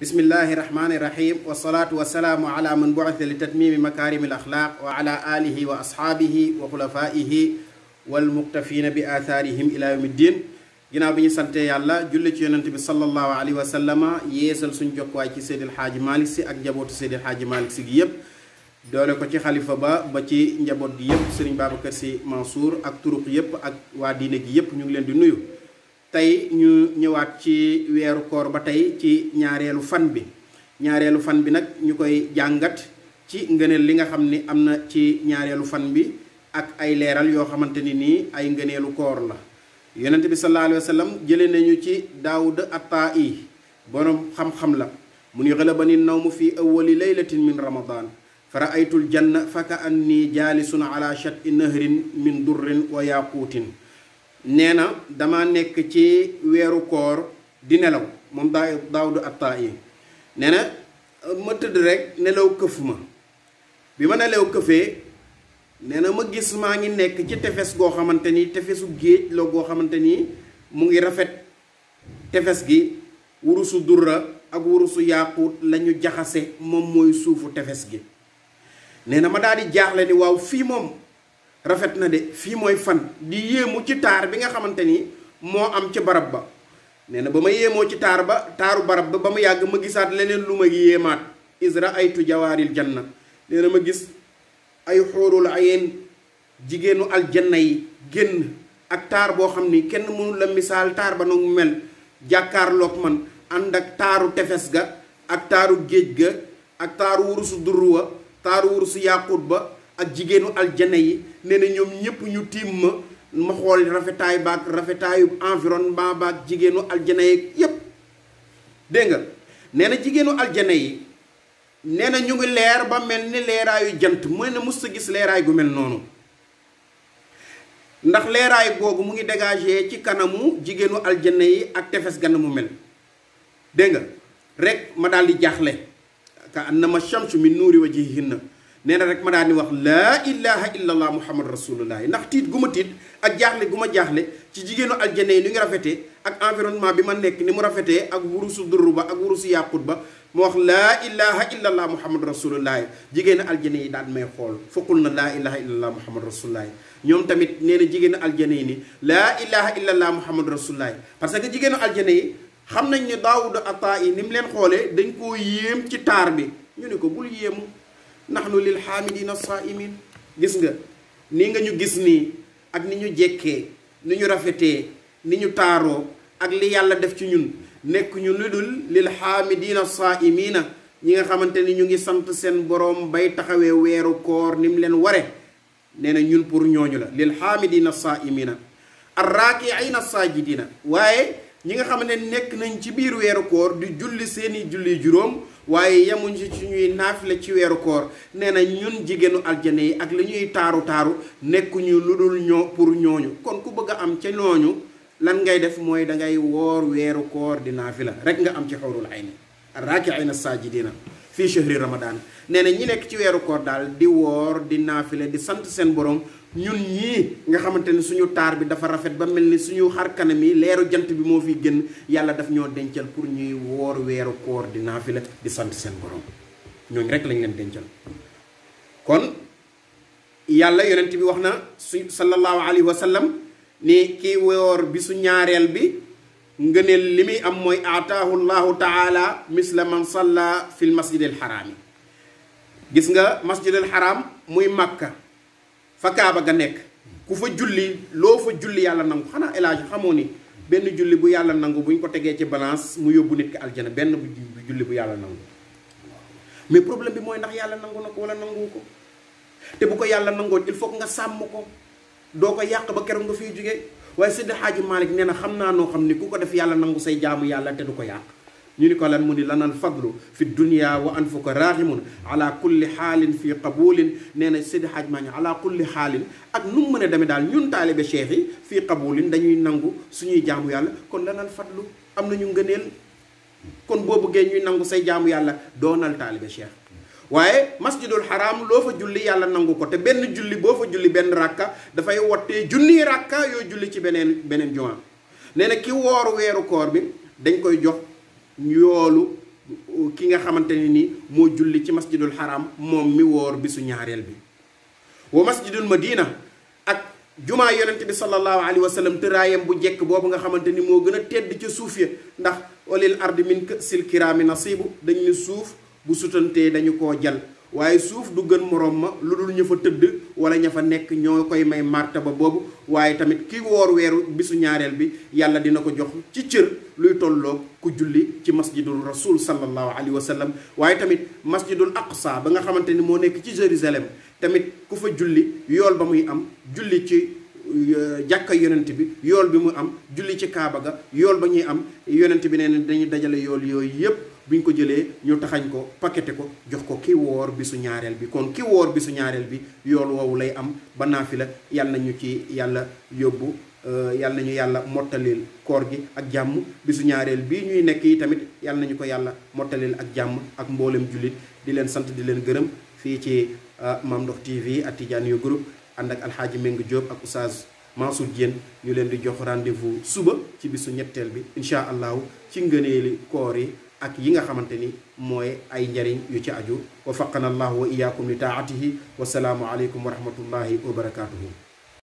bismillahi rahmani rahim wa wasalaamu ala man bu'itha li tatmimi makarimi al axlaaq wa ala alihi wa asxaabihi wa xulafaihi walmuqtafina bi athaarihim ila yawmi ddin ginnaaw bi ñu sante yàlla julli ci yonent bi sallallahu alayhi wa sallama yeesal suñ jokkuwaay ci Seydil Xaaji Malick si ak njabootu Seydil Xaaji Malick si gi yépp doole ko ci xalifa ba ba ci njaboot gi yépp Serigne Babacar Sy Mansour ak turuq yépp ak waa diine gi yépp ñu ngi leen di nuyu tey ñu ñëwaat ci weeru koor ba tey ci ñaareelu fan bi ñaareelu fan bi nag ñu koy jàngat ci ngëneel li nga xam ni am na ci ñaareelu fan bi ak ay leeral yoo xamante ni nii ay ngëneelu koor la yonent bi sallallahu alayhi wa sallam nañu ci daawuda attaa i boroom xam-xam la mu ni xalabani nawmu fi awwali laylatin min ramadan fa raaytul janna fa ni anni jaalisun ala shati nahrin min durrin wa yaquutin nee na dama nekk ci weeru koor di nelaw moom daa daawdu atta yi nee na ma tëdd rekk nelaw këf ma bi ma nelaw këfee nee na ma gis maa ngi nekk ci tefes goo xamante ni tefesu géej la goo xamante ni mu ngi rafet tefes gi wurusu durra ak wurusu yaaquut la ñu jaxase moom mooy suufu tefes gi nee na ma daal di jaaxle ni waaw fii moom rafet na de fii mooy fan di yéemu ci taar bi nga xamante ni moo am ci barab ba nee na ba ma yéemoo ci taar ba taaru barab ba ba mu yàgg ma gisaat leneen lu ma yéemaat isra aytu jawaaril janna nee na ma gis ay xóorul ayeen jigéenu aljanna yi génn ak taar boo xam ni kenn mënu la misaal taar ba nu mel jàkkaarloog man ànd ak taaru tefes ga ak taaru géej ga ak taaru wurusu durru wa taaru wurusu yàqut ba ak jigéenu aljana yi nee na ñoom ñëpp ñu tiim ma ma xool rafetaay baag rafetaayu environnement baag jigéenu aljana yi yépp dégg nga nee na jigéenu aljana yi nee na ñu ngi leer ba mel ni leeraayu jant mooy na mos a gis leeraay gu mel noonu ndax leeraay googu mu ngi dégagé ci kanamu jigéenu aljana yi ak tefes gan mu mel dégg nga rek ma daal di jaaxle ka annama shamsu min nuuri wajhihinna nee na rek ma daan di wax laa ilaha illallah muhammad rasulullah ndax tiit gu ma tiit ak jaaxle gu ma jaaxle ci jigéenu aljane yi ni ngi rafetee ak environnement bi ma nekk ni mu rafetee ak wurusu durru ba ak wurusu yàqut ba ma wax laa ilaha illallah muhammad rasulullah jigéenu aljane yi daan may xool fokkul na laa ilaha illallah muhammad rasulullah ñoom tamit nee na jigéenu aljane yi ni laa ilaha illallah muhammad rasulullah parce que jigéenu aljane yi xam nañ ne daawuda ataa yi ni mu leen xoolee dañ koo yéem ci taar bi ñu ne ko bul yéemu ndax nahnu lil hamidina saimin gis nga nii nga ñu gis nii ak ni ñu jekkee ni ñu rafetee ni ñu taaroo ak li yàlla def ci ñun nekk ñu lu dul lil hamidina saimina ñi nga xamante ni ñu ngi sant seen boroom bay taxawee weeru koor ni mu leen ware nee na ñun pour ñooñu la lil hamidina saimina arrakiina sajidina waaye ñi nga xam ne nekk nañ ci biir weeru koor di julli seeni julli juróom waaye yemuñ ci ci ñuy naafile ci weeru koor nee na ñun jigéenu aljana yi ak li ñuy taaru taaru nekkuñu lu dul ñoo pour ñooñu kon ku bëgg a am ca ñooñu lan ngay def mooy da ngay woor weeru koor di naafi la rek nga am ci xawrul ayni arraakiina na fii chahri ramadan nee na ñi nekk ci weeru koor daal di woor di naafile di sant seen borom ñun ñii nga xamante ne suñu taar bi dafa rafet ba mel ni suñu xar kanam yi leeru jant bi moo fiy gën yàlla daf ñoo dencal pour ñuy woor weeru koor di naafile di sant seen borom ñooñu rek lañ leen dencal kon yàlla yonent bi wax na su sallallahu alayhi wa sallam ni kii woor bi su ñaareel bi ngëneel li muy am mooy aataahu llahu taala misla man salla fi l masjidil xaraami gis nga masjidil xaraam muy màkka fa kaaba ga nekk ku fa julli loo fa julli yàlla nangu xanaa elaaji xamoo ni benn julli bu yàlla nangu buñ ko tegee ci balance mu yóbbu nit ki aljana benn bu julli bu yàlla nangu mais problème bi mooy ndax yàlla nangu na ko wala nangu ko te bu ko yàlla nangoon il foog nga sàmm ko doo ko yàq ba keroog nga fiy jugee waaye Seydi Xaaji Malick nee na xam naa noo xam ni ku ko def yàlla nangu say jaamu yàlla te du ko yàq ñu ni ko lan mu ni lanal fadlu fi dunia wa an fuka raximun ala kulli xaalin fi qabulin nee na Seydi Xaaji Malick ala kulli xaalin ak nu mu mën a demee daal ñun taalibe cheikh yi fii qabulin dañuy nangu suñuy jaamu yàlla kon lanal fadlu am nañu ngëneel kon boo bëggee ñuy nangu say jaamu yàlla doo doonal taalibe cheikh waaye masjidul haram loo fa julli yàlla nangu ko te benn julli boo fa julli benn rakka dafay wottee junniy rakka yoo julli ci beneen beneen jumaa nee na ki woor weeru koor bi dañ koy jox yoolu ki nga xamante ne ni moo julli ci masjidul haram moom mi woor bisu ñaareel bi wa masjidul madina ak jumaa yonente bi sallallahu alayhi wa sallam tëraayam bu jekk boobu nga xamante ni moo gën a tedd ca suuf ya ndax olil ardi min silkiraami nasibu dañu ne suuf bu sutantee dañu ko jal waaye suuf du gën moroom ma lu dul ñu fa tëdd wala ña fa nekk ñoo koy may ba boobu waaye tamit ki woor weeru bisu ñaareel bi yàlla dina ko jox ci cër luy tolloo ku julli ci masjidul rasul sallallahu alayhi wa sallam waaye tamit masjidul aqsa ba nga xamante ni moo nekk ci Jérusalem tamit ku fa julli yool ba muy am julli ci euh, jàkka yonent bi yool bi mu am julli ci kaaba ga yool ba ñuy am yonent bi nee na dajale yool yooyu yépp bi ñu ko jëlee ñu taxañ ko paqueté ko jox ko kii woor bisu ñaareel bi kon ki woor bisu ñaareel bi yool woowu lay am banaa fi naafila yàlla nañu ci yàlla yóbbu euh, yàlla nañu yàlla mottalil koor gi ak jàmm bisu ñaareel bi ñuy nekk yi tamit yàlla nañu ko yàlla mottalil ak jàmm ak mboolem jullit di leen sant di leen gërëm fii ci euh, Mame Ndokh TV ak Tidiane Group ànd ak alxaaji Meng Diop ak oustaz Mansour Diène ñu leen di jox rendez-vous suba ci bisu ñetteel bi incha ak yi nga xamante ni mooy ay njariñ yu ci aju wa faqana allahu wa iyaakum li wa wasalaamu aleykum wa rahmatullahi wa barakatuhu